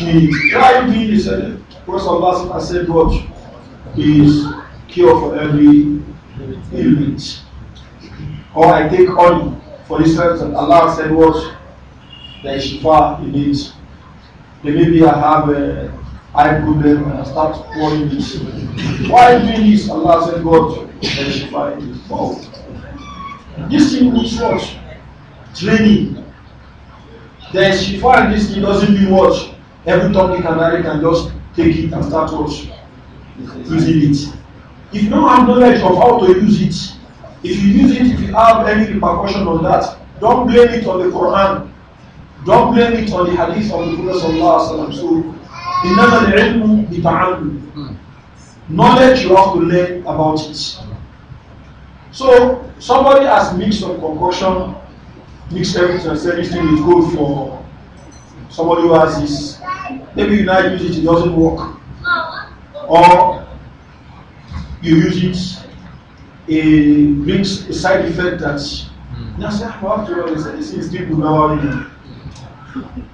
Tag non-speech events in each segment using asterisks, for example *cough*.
she cried in, he said, Because Allah I said, God is cure for every ailment? Or I take on, for instance, and Allah said, What? There is shifa in it. Then maybe I have a eye problem and I start pouring this. Why doing this? Allah said, God, there is shifa in it. Oh. This thing needs what? Training. There is shifa in this thing doesn't mean what? Every topic and it, can just take it and start Using it. If you don't have knowledge of how to use it, if you use it, if you have any repercussion on that, don't blame it on the Quran. Don't blame it on the hadith of the Prophet Sallallahu Alaihi Wasallam. So, Knowledge you have to learn about it. So, somebody has mixed some concoction, mixed everything and said this thing is good for somebody who has this Maybe you now use it, it doesn't work. Or you use it, it brings a side effect that, hmm. now say, after all, this is still good now.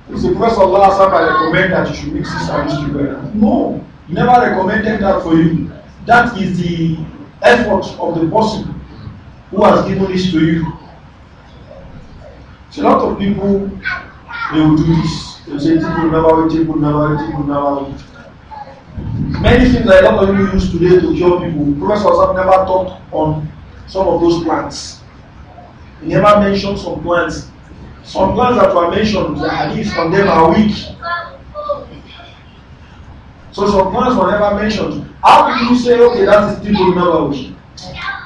It's the of Allah I recommend that you should mix this and this together. No, never recommended that for you. That is the effort of the person who has given this to you. So a lot of people, they will do this So say Tibul Nawawi, Tibul Nawawi, Tibul Nawawi. Many things that a lot of you use today to cure people, Professor Osam never talked on some of those plants. He never mentioned some plants. Some plants that were mentioned, the hadith on them are weak. So some plants were never mentioned. How can you say, okay, that is Tibul Nawawi?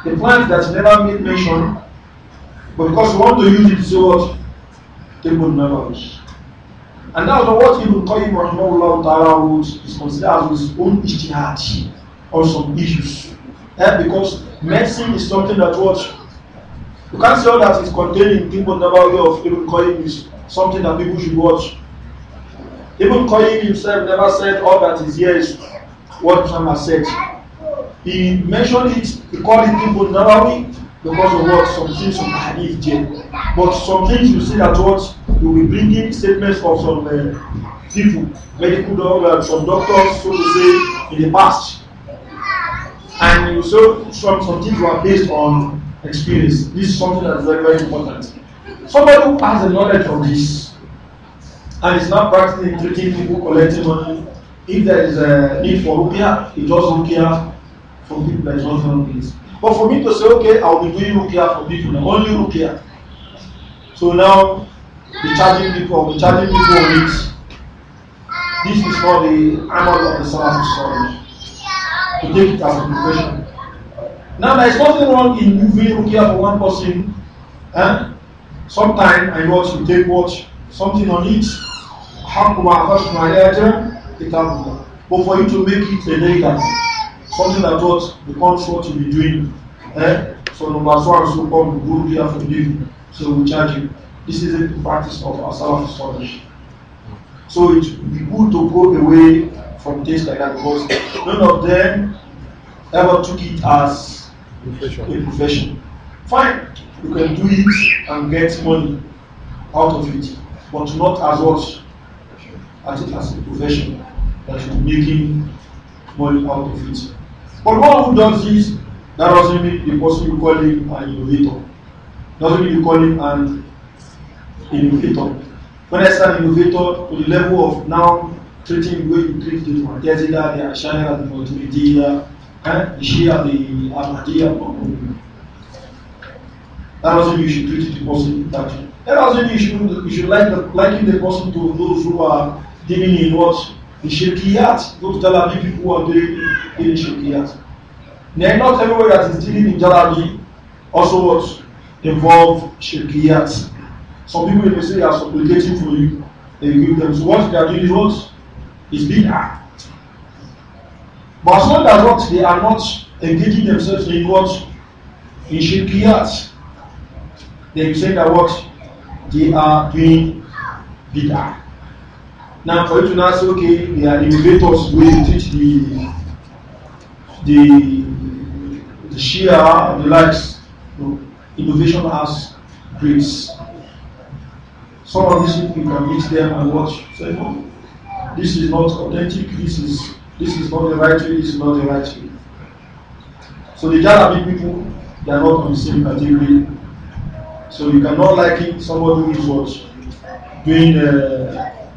The plant that's never been mentioned, but because you want to use it, so what? never use. And that's what Ibn Qayyim Rahimahullah Ta'ala rules is considered as his own ijtihad on some issues. Eh? Because medicine is something that what you can't say all that is contained in Timbun Nabawi of Ibn Qayyim is something that people should watch. Ibn Qayyim himself never said all that is here is what Muhammad said. He mentioned it, he called it Timbun Nabawi because of what some things of hadith there. But some things you see that what will be bringing statements from some uh, people, medical doctors, some doctors, so to say, in the past. And you so some, some things were based on experience. This is something that is very, very important. Somebody who has a knowledge of this and is not practicing treating people, collecting money, if there is a need for rupiah, he does not care for people that is not from this. But for me to say, okay, I'll be doing rupiah for people, only rupiah. So now be charging people or be charging people on it. This is not the amal of the Salaf Salih. To take it as a profession. Now there is nothing wrong in moving okay for one person. Eh? Sometimes I want to take what something on it. have my But for you to make it a legal, something that what becomes what you be doing. Eh? So number one, so called Rukia for living. So we charge you. This is the practice of our Salafis So it would be good to go away from things like that because none of them ever took it as a profession. Fine, you can do it and get money out of it, but not as much As it as a profession that you're making money out of it. But one who does this, that doesn't mean the person you call him an innovator. Doesn't mean you call him an innovator. When I say innovator, to the level of now treating where you treat the Mu'tazila, uh, eh, the Ashara, the Mu'tazila, the Shia, the Ahmadiyya. That doesn't mean you should treat the person that way. That doesn't mean you should, you should like the, liken the person to those who are dealing in what? The Shirkiyat, those Jalabi people who are doing in Shirkiyat. Now, not everywhere that is dealing in Jalabi also what? involve Shirkiyat. Some people may say they are supplicating for you. They give them. So what they are doing is what? Is bid'ah. But as long as what they are not engaging themselves in what? In shirkiyat. Then you say that what? They are doing bid'ah. Now for you to now say, okay, they are innovators going teach the the the Shia, the likes. You know, innovation has grace. Some of these people you can meet them and watch. Say, oh, this is not authentic, this is this is not the right way, this is not the right way. So the Jalabi people, they are not on the same category. So you cannot it. somebody who is what doing uh,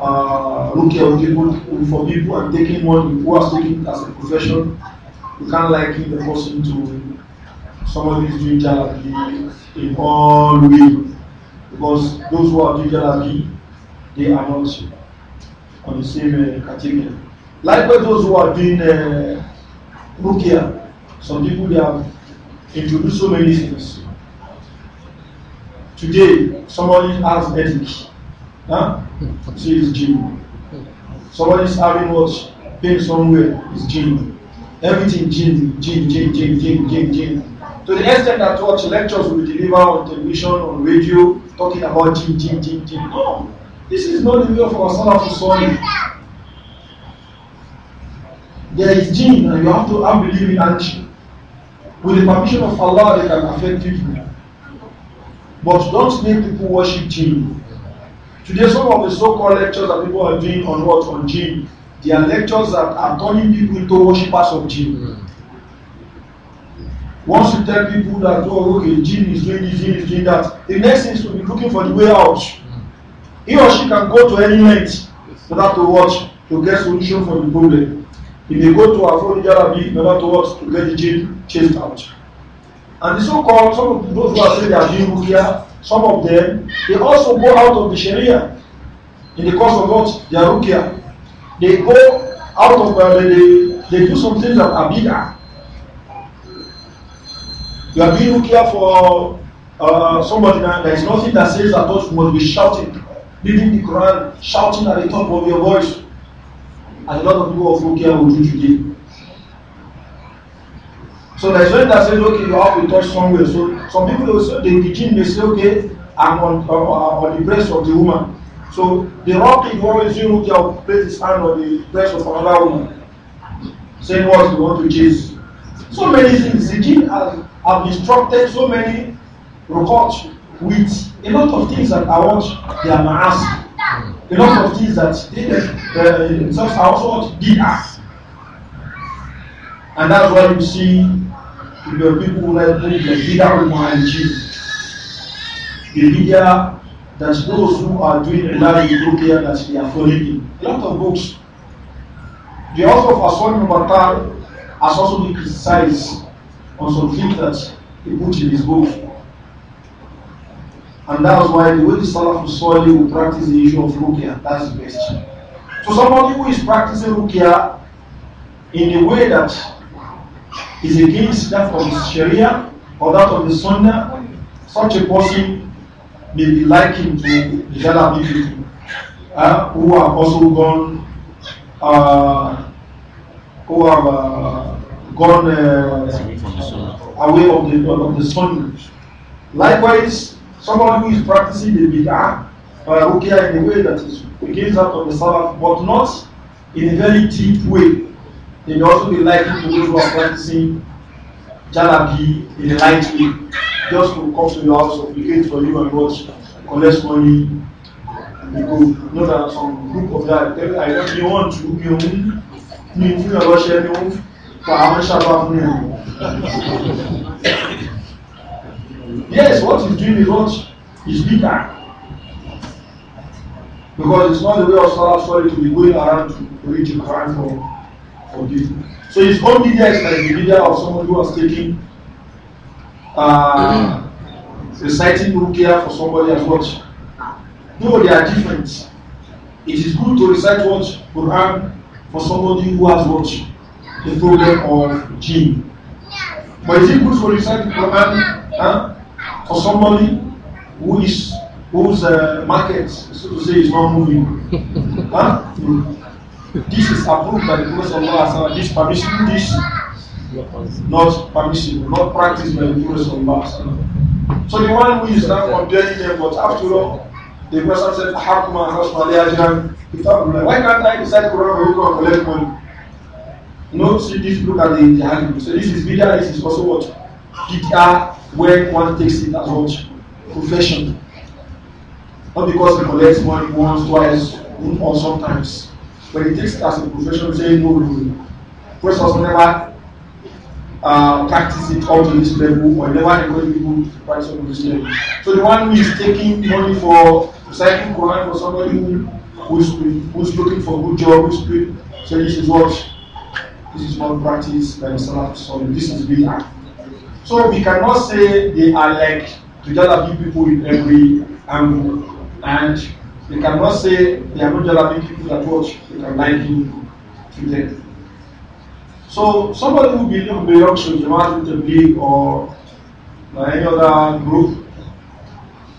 uh, looking at people for people and taking what who are taking as a profession. You can't it. the person to somebody who is doing Jalabi in all ways. Because those who are Dujalabi, they are not on the same uh, category. Likewise, those who are doing uh, Rukia, some people they have introduced so many things. Today, somebody has headache. Huh? Hmm. So it's gym. is having what? Pain somewhere. It's gym. Everything gym, gym, gym, gym, gym, gym, gym. To the extent that what lectures we deliver on television, on radio, talking about Jim, Jim, Jim, Jim. No, this is not the way of our salah Salaf Salih. There is Jim, and you have to unbelieve in and with the permission of Allah, they can affect people. But don't make people worship Jim. Today, some of the so-called lectures that people are doing on what on Jim, they are lectures that are turning people into worshippers of jinn. Once you tell people that, oh, okay, Jim is doing this, Jim is doing that, the next thing is to be looking for the way out. He or she can go to any length without to watch to get solution for the problem. He may go to Afro Jarabi in order to watch to get the Jim chased out. And the so-called, some of those who are saying they are doing rukia, some of them, they also go out of the Sharia in the course of what? they are rukia. They go out of, uh, they, they do some things that are bid'ah. You are being rukia for uh, somebody now. There is nothing that says that you must be shouting, reading the Quran, shouting at the top of your voice. And a lot of people of rukia will do today. So there's one that says, okay, you have to touch somewhere. So some people also, they begin, they say, okay, I'm on, uh, on the breast of the woman. So the rock you always do, okay, I'll place his hand on the breast of another woman. Same words, you want to chase. So many things. The jinn has have instructed so many reports with a lot of things that I want they are ma'as. A lot of things that they uh, themselves are also want did ask. And that's why you see the people like the Bida Umar and Jew. The Bida that those who are doing Ilari Ethiopia that they are following. A lot of books. The author of Aswan Mubarak has also been criticized on some things that he put in his book. And that's why the way the Salaf Sali will practice the issue of Rukia, that's the best. So somebody who is practicing Rukia in a way that is against that of the Sharia or that of the Sunnah, such a person may be likened to the other people uh, who have also gone, uh, who have uh, gone uh, away from the sunnah. Uh, of the, of the sunnah. Likewise, someone who is practicing the bid'ah, uh, rukia in a way that is against that of the Salaf, but not in a very deep way. They may also be likely to those who are practicing jalabi in a light way, just to come to your house, obligate for you and watch, collect money, and you know that some group of that, I don't want to, be you know, you know, for àwọn Shabbat yes, what he's doing is what is bigger. Because it's not the way of Salah Solid to be going around to read the Quran for, for people. So his own media is like the media of someone who was taking, uh, reciting Rukia for somebody as what? No, they are different. It is good to recite what Quran for somebody who has what? the problem of gene, But is it good for reciting Quran huh, for somebody who is whose uh, market, so to say, is not moving? *laughs* huh? This is approved by the Prophet Allah. This permission, this not permission, not practiced by the Prophet Allah. So the one who is now comparing them, but after all, the person said, "I have Why can't I decide to run you go and collect money? Not see this look at the, the argument. So this is video. this is also what? Bid'ah where one takes it as what? Profession. Not because he collects money once, twice, or sometimes. But he takes it as a profession, saying no, no, no. First of all, never uh, practice it up to this level or never encourage people to practice up to this level. So the one who is taking money for reciting Quran for somebody who, who's, who's looking for a good job, who's, so this is what this is not practice by the Salaf this is act. So we cannot say they are like to jalabi people in every angle. And they cannot say they are not jalabi people that watch, they can you to them. So somebody who belongs to Jamaat Tabligh or any other group,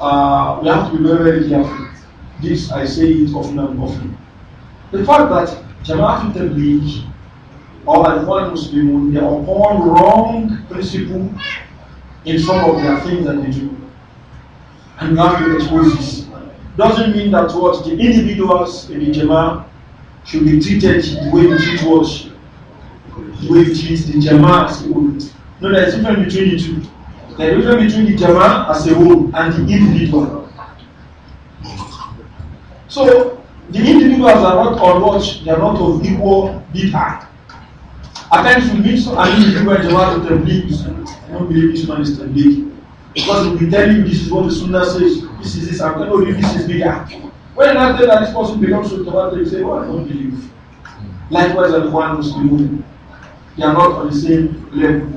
uh, we have to be very, very careful. This I say it often and often. The fact that Jamaat Tabligh by al Muslimun, they are upon wrong principle in some of their things that they do. And you have to expose this. Doesn't mean that what the individuals in the Jama should be treated the way we treat what? The way we treat the as a whole. No, there is a difference between the two. There is a difference between the Jama as a whole and the individual. So, the individuals are not on watch, they are not of equal big act. At times we meet some Ali who are Jawad of Tabligh, you don't believe this man is Tabligh. Because he'll be telling you this is what the Sunnah says, this is this, I cannot believe this is bigger. When I tell that this person becomes Sultan, so you say, "Oh, I don't believe. Likewise, the one who's Muslim, they are not on the same level.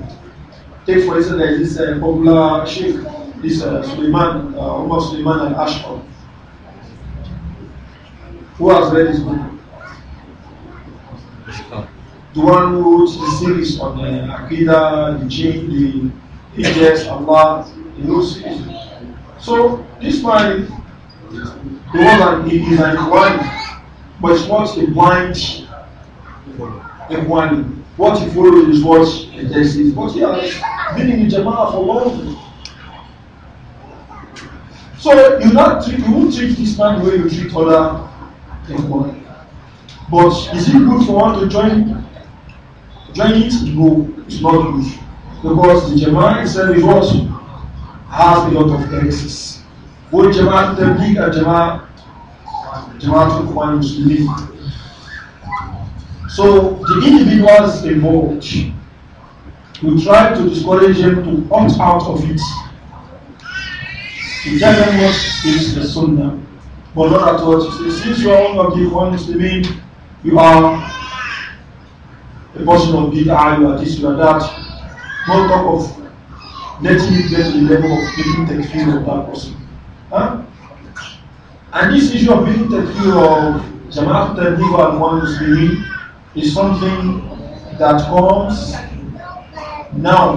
Take for instance, there is this uh, popular sheikh, this uh, Suleiman, uh, Umar Suleiman al Ashqar. Who has read his book? the one who wrote the series on the uh, Aqidah, the Jinn, the Hijaz, Allah, the knows Series. So this man, the one that he is an one, but it's not a blind one. What he follows is what the text is. But he has been in the Jama'ah for long. So you not treat, you won't treat this man the way you treat other people. But is it good for one to join joint no is not good because the Jama'at itself is what has a lot of heresies. Both Jama'at Tabligh and Jama'at one Ikhwan Muslimin. So the individuals involved, we try to discourage them to opt out of it. The tell them is the Sunnah, but not at all. Since you are one giving one Ikhwan Muslimin, you are a portion of bid'ah, you are this, you are that. not talk of letting it get to the level of making takfir of that person. Huh? And this issue of making takfir of Jama'at Tabligh and one Muslimin is something that comes now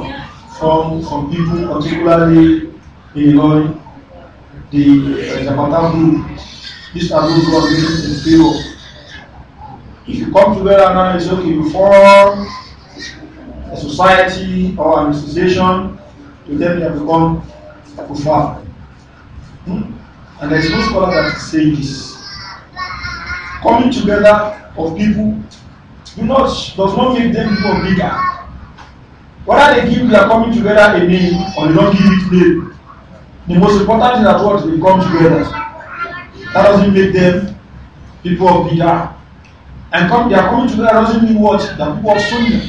from, from people, particularly in Illinois, uh, the Zapata group. These are those who are living in favor If you come together now, it's okay, you form a society or an association, to then you have become a kufar. Hmm? And there is no scholar that is saying this. Coming together of people do not, does not make them people bigger. Whether they give their coming together a name or they don't give it name, the most important thing that what they come together. That doesn't make them people of bigger and come, they are coming together doesn't mean what the people of Sunnah.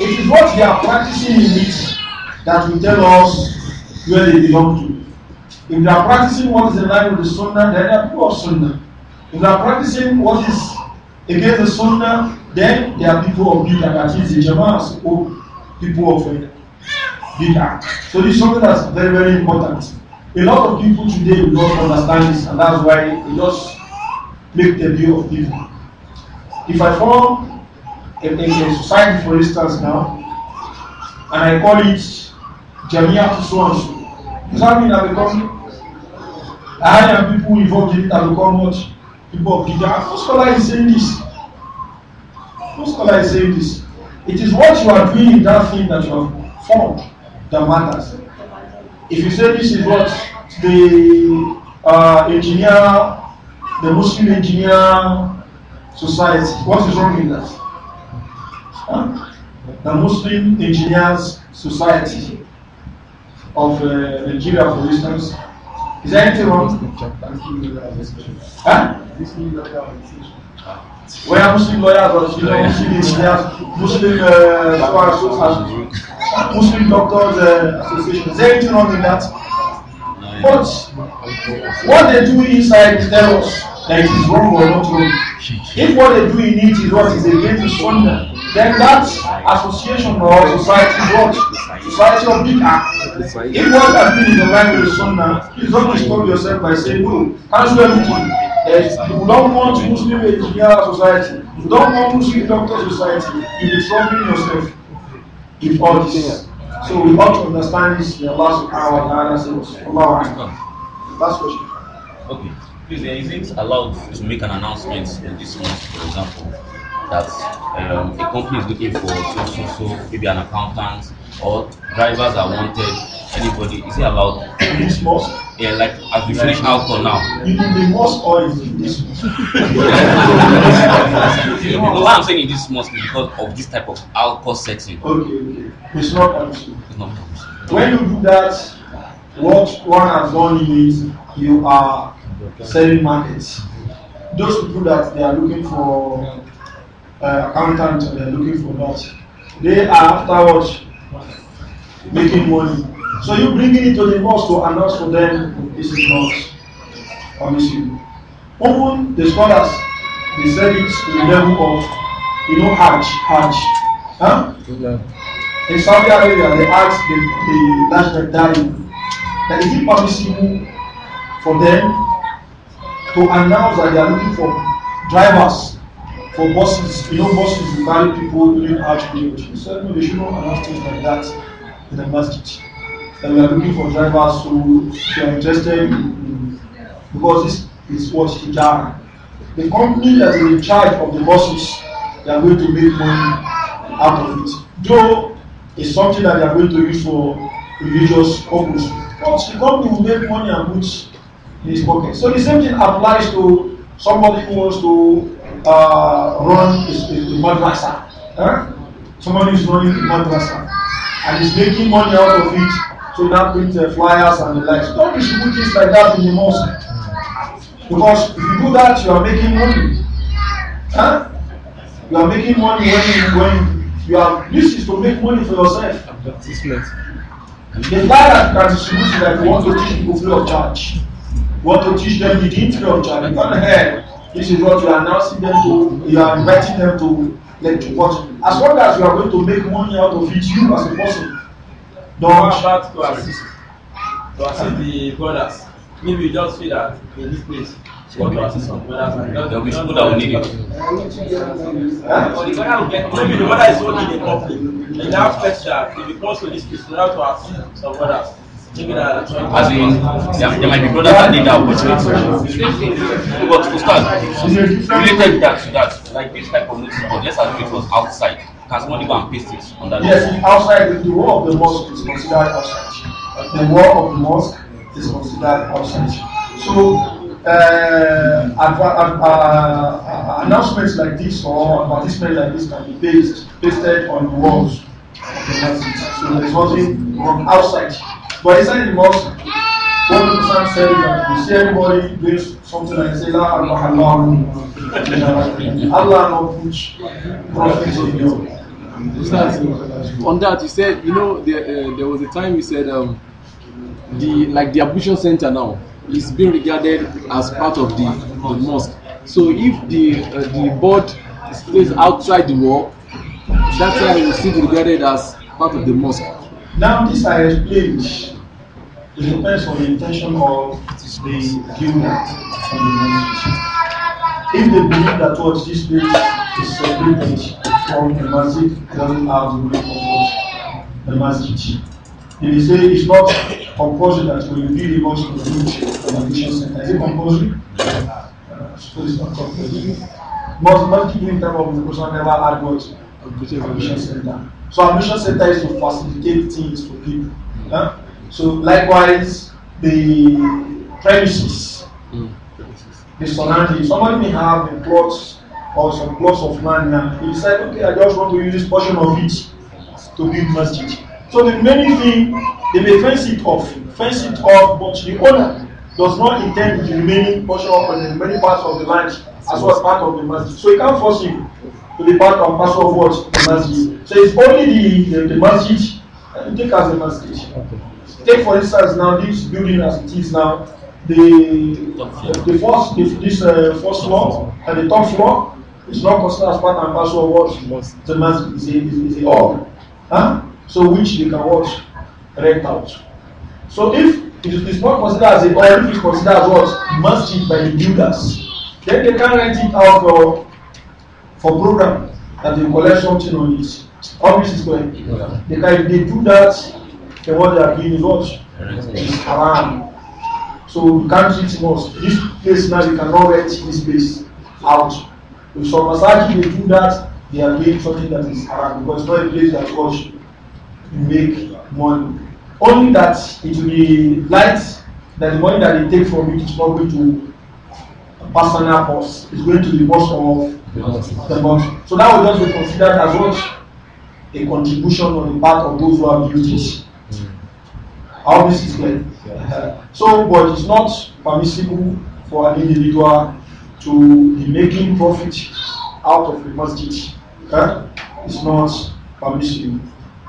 It is what they are practicing in it that will tell us where they belong to. If they are practicing what is in line with the Sunnah, then they are people of Sunnah. If they are practicing what is against the Sunnah, then they are people of Bid'ah, that is the Jamaas or people of eh, Bid'ah. So this is something is very, very important. A lot of people today do not understand this, and that's why they just make the view of people. If I form a, a, a society, for instance, now, and I call it Jamia to so and so, does that mean I become I am people involved in it have become what? People of Gideon. No scholar is saying this. No scholar is saying this. It is what you are doing in that thing that you have formed that matters. If you say this is what the uh, engineer, the Muslim engineer society. What is wrong in that? Huh? The Muslim Engineers Society of uh, Nigeria, for instance, is there anything wrong? Huh? Where Muslim lawyers, you know, Muslim engineers, Muslim uh, Muslim doctors uh, association. Is there anything wrong in that? But what they do inside is that it is wrong or not wrong. If what they do in it is what is against the Sunnah, then that association or society what? Society of Bid'ah. If what they been in the line with the Sunnah, please don't stop yourself by saying, no, oh, cancel everything. You don't want Muslim engineer society. You don't want Muslim doctor society. You'll be yourself in all this. So we ought to understand this in Allah subhanahu wa ta'ala. Last question. Okay. Please, is it allowed to make an announcement in this month, for example, that um, a company is looking for so, so, so, maybe an accountant or drivers are wanted, anybody, is it allowed? This month? Yeah, like as we finish alcohol now. You the most oil in this month? you why I'm saying in this month because of this type of alcohol setting. Okay, okay. It's not permissible. It's not When you do that, what one has done is you are selling markets. Those people that they are looking for uh, accountants, they are looking for that. They are afterwards making money. So you bringing it to the boss to announce for them this is not permissible. Often the scholars they said it to the level of you know Hajj, Hajj. Huh? Yeah. In Saudi Arabia they ask the, the national dying that is it permissible for them to announce that they are looking for drivers for buses. You know, buses will carry people during Hajj period. He said, no, they should not announce things like that in the masjid. That we are looking for drivers who so are interested in, because this is what hijab. The company that is in charge of the buses, they are going to make money out of it. Though it's something that they are going to use for religious purposes. But the company will make money and goods. is So the same thing applies to somebody who wants to uh, run a madrasa. Huh? Someone is running madrasa and is making money out of it. So that print uh, flyers and the likes. Don't distribute things like that in the mosque. Because if you do that, you are making money. Huh? You are making money when you, when you are. This is to make money for yourself. The flyer that you can distribute like you want to teach people free of charge. What to teach them the detail of Jannah. On earth, this is what you are announcing them to, you are inviting them to let lecture. watch. as long as you are going to make money out of it, you as a person, don't. What to assist? To assist the brothers. Maybe you just feel that in this place. What to assist some brothers and not the people that will need it. maybe the brother is only in a company. And that pressure, if you come to this place, you have to assist some brothers. As in, yeah, there might be brothers that need that opportunity. But to start, related that to that, like this type of notice board, let's assume it was outside. because somebody go paste it on that? Yes, outside, the wall of the mosque is considered outside. The wall of the mosque is considered outside. So, uh, uh, uh, uh, announcements like this or advertisements like this can be based, pasted on the walls of the mosque. So, there's nothing outside. But it's not most what the Prophet said that you see anybody doing something like say, La Allah Allah Allah not put prophets in you. On that, he said, you know, there, uh, there was a time he said, um, the like the ablution center now is being regarded as part of the, the mosque. So if the uh, the board stays outside the wall, that time it is still regarded as part of the mosque. Now this I explained it depends on the intention of the viewer and the masjid. If they believe that what this place is separated from the masjid, it doesn't have the meaning of what the masjid. If they say it's not compulsory that when you give the voice to the convention center, is it compulsory? Uh, so it's not compulsory. Most masjid in terms of education never had what? mission center. So mission center is to facilitate things for people. Huh? So likewise, the premises, mm. the surrounding. Somebody may have a plot or some plots of land now. He decide, okay, I just want to use this portion of it to build masjid. So the many thing, they may fence it off, fence it off, but the owner does not intend the remaining portion or the remaining parts of the land as well as part of the masjid. So he can't force him to be part and parcel of what? The masjid. So it's only the, the, the masjid, take as the masjid. Okay. Take for instance now this building as it is now, the the first the, this uh, first floor and the top floor is not considered as part and parcel of what the mass is a is, is all. huh? So which they can watch rent out. So if it is not considered as a hall, if it's considered as what masjid by the builders, then they can rent it out for for program and they collect something on it. Obviously, yeah. they can they do that the one they are doing is what? It's haram. So you can't treat mosque. This place now you cannot rent this place out. If some masajid they do that, they are doing something that is haram because it's not a place that costs make money. Only that it will be light that the money that they take from it is not going to personal cost. It's going to the cost of the month. So that will just be considered as what a contribution on the part of those who have used it. All mm. this is clear. so, but it's not permissible for an individual to be making profit out of the masjid. Eh? It's not permissible.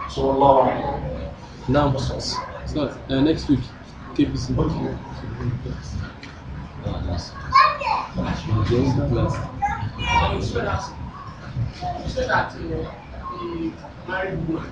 So, Allah. Now, so, uh, next week, KBC. Okay. married woman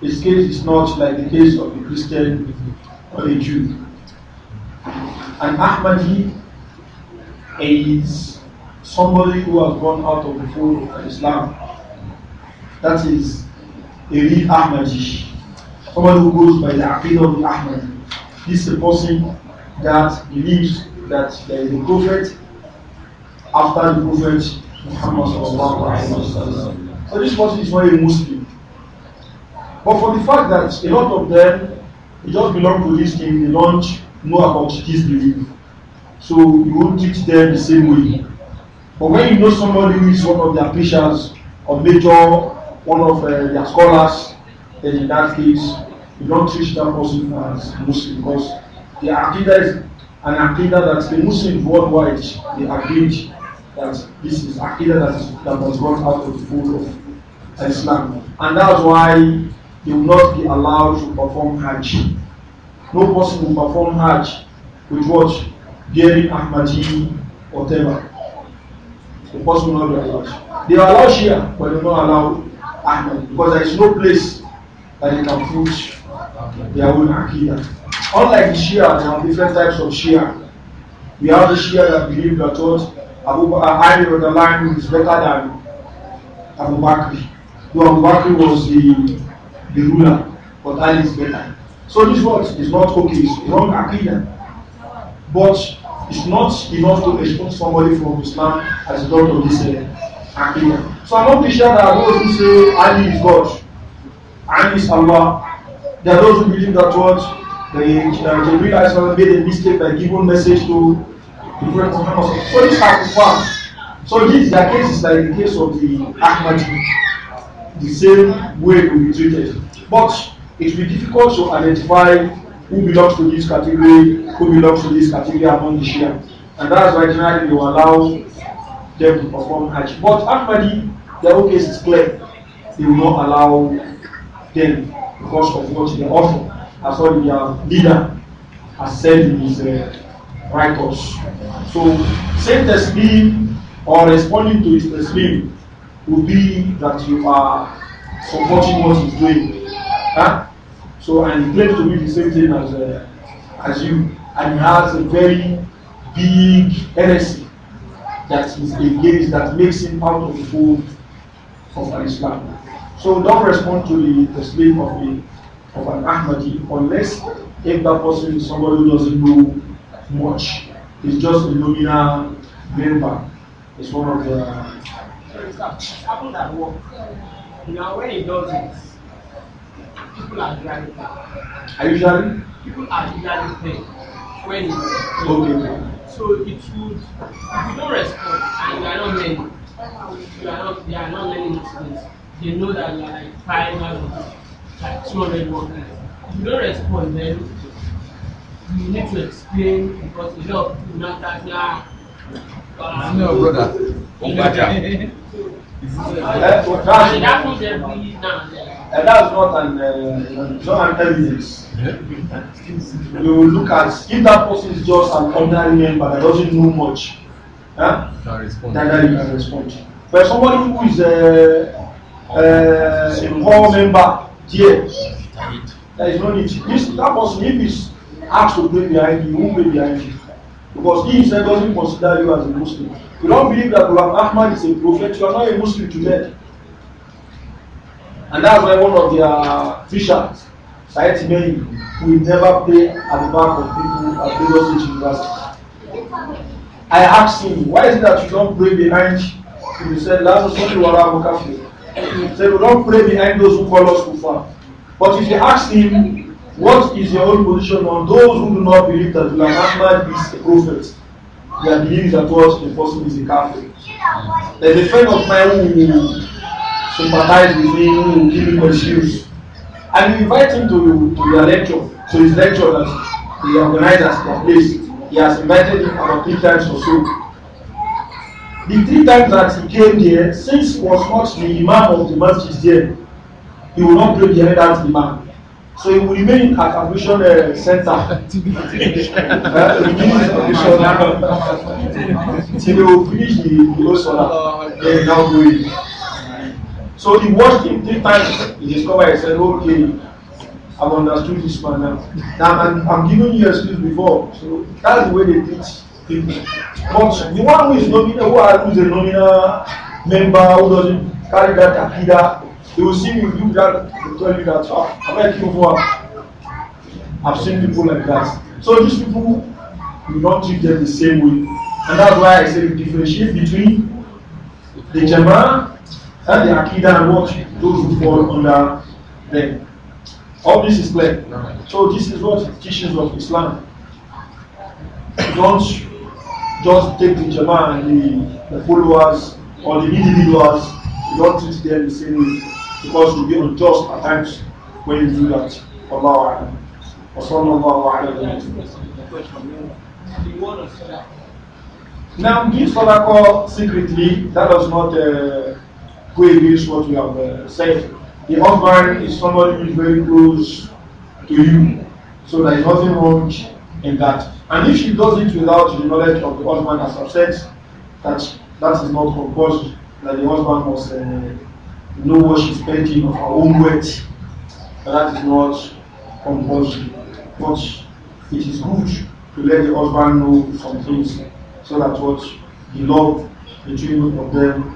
His case is not like the case of a Christian or a Jew. An Ahmadi is somebody who has gone out of the fold of Islam. That is a real Ahmadi. Someone who goes by the Aqidah of the Ahmadi. This is a person that believes that there is a prophet after the prophet Muhammad. So this person is not a Muslim. But for the fact that a lot of them, they just belong to this team, they don't know about this belief. So you won't teach them the same way. But when you know somebody who is one of their patients or major, one of uh, their scholars, then in that case, you don't treat that person as Muslim because the Aqidah is an Aqidah that the Muslims worldwide they agreed that this is Aqidah that that was brought out of the fold of Islam. And that's why he will not be allowed to perform Hajj. No person will perform Hajj with what? Bearing Ahmadi, whatever. The person will not be allowed. They are allowed Shia, but they are not allowed Ahmadi because there is no place that they can put their own Akira. Unlike the Shia, there are different types of Shia. We have the Shia that believe that what Abu uh, Ali uh, is better than Abu Bakr. Abu Bakr was the the ruler, but Ali is better. So this word is not okay, it's wrong aqidah. But it's not enough to expel somebody from Islam as a result of this uh, aqidah. So I'm not pretty sure that those who say Ali is God, Ali is Allah, there are those who believe that word, the Jibreel Islam made a mistake by giving message to the Prophet Muhammad. So this has to confirmed. So this their case is like the case of the Ahmadi. The same way we treated. But it will be difficult to identify who belongs to this category, who belongs to this category among the Shia. And that's why generally they will allow them to perform Hajj. But actually, their own case is clear. They will not allow them because of what they offer. As well, their leader has said in his uh, writers. So, saying Taslim or responding to his Taslim will be that you are supporting what he's doing. Huh? So, and he claims to be the same thing as, uh, as you. And he has a very big heresy that is against that makes him out of the fold of Islam. So don't respond to the, the slave of, a, of an Ahmadi unless if that person is somebody who doesn't know much. He's just a nominal member. It's one of the. So it's happened at work. Now when he does it, People are usually paid. Are usually? People are usually paid when it's Okay, okay. So it would, if you don't respond and you are not many, you are not, there are not many these they know that you are like five hours, like 200 workers. If you don't respond, then you need to explain because a lot of people now ah, ah, start *laughs* now. Uh, no, brother. Bombaja. that happens every now and then. And that's not an, uh, not an evidence. you look at if that person is just an ordinary member that doesn't know much, huh? that, you can respond But somebody who is a, a core member, dear, there is no need. This, that person, if he's asked to pray behind you, who may behind you? Because he himself doesn't consider you as a Muslim. You don't believe that Quran Ahmad is a prophet, you are not a Muslim today. And that's why one of their teachers, Said Mei, will never play at the back of people at Lagos State University. I asked him, why is it that you don't pray behind? He said, Lazarus, what you are cafe. He said, we don't pray behind those who call us kufar. But if you ask him, what is your own position on those who do not believe that Ghulam Ahmad is a prophet? Their belief is that is the person is a kafir. There's a friend of mine who sympathize with me, who give him excuse. And you invite him to, to your lecture, so his lecture that the organizers have placed. He has invited him about three times or so. The three times that he came there, since was not the imam of the masjid there, he will not pray behind that imam. So he will remain at ablution uh, center. uh, *laughs* ablution, till he will finish the, the whole solar. Then now go in. So he watched him three times. He discovered, he said, okay, I've understood this man now. Now I'm, I'm giving you a excuse before. So that's the way they teach people. But the one who is nominal, who, are, who is a nominal member, who doesn't carry that akida, they will see you do that, they tell you that, oh, I'm like you for. I've seen people like that. So these people, we don't treat them the same way. And that's why I say differentiate between the Jama'ah uh, the Akida and what those who fall under them. All this is clear. So this is what the teachings of Islam. Don't just take the Jama and the, the followers or the individuals. don't treat them the same way because you'll be unjust at times when you do that. Allah وصلى الله على Now, give call secretly, that does not uh, go what you have uh, said. The husband is somebody who is very close to you, so there is nothing wrong in that. And if she does it without the knowledge of the husband as I've said, that, that is not compulsory, that the husband must uh, know what she's painting of her own weight. That is not compulsory. But it is good to let the husband know some things so that what the love between of them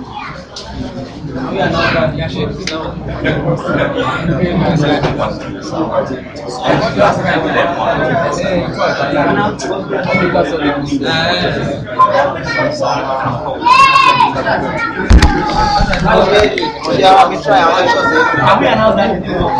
How we are now that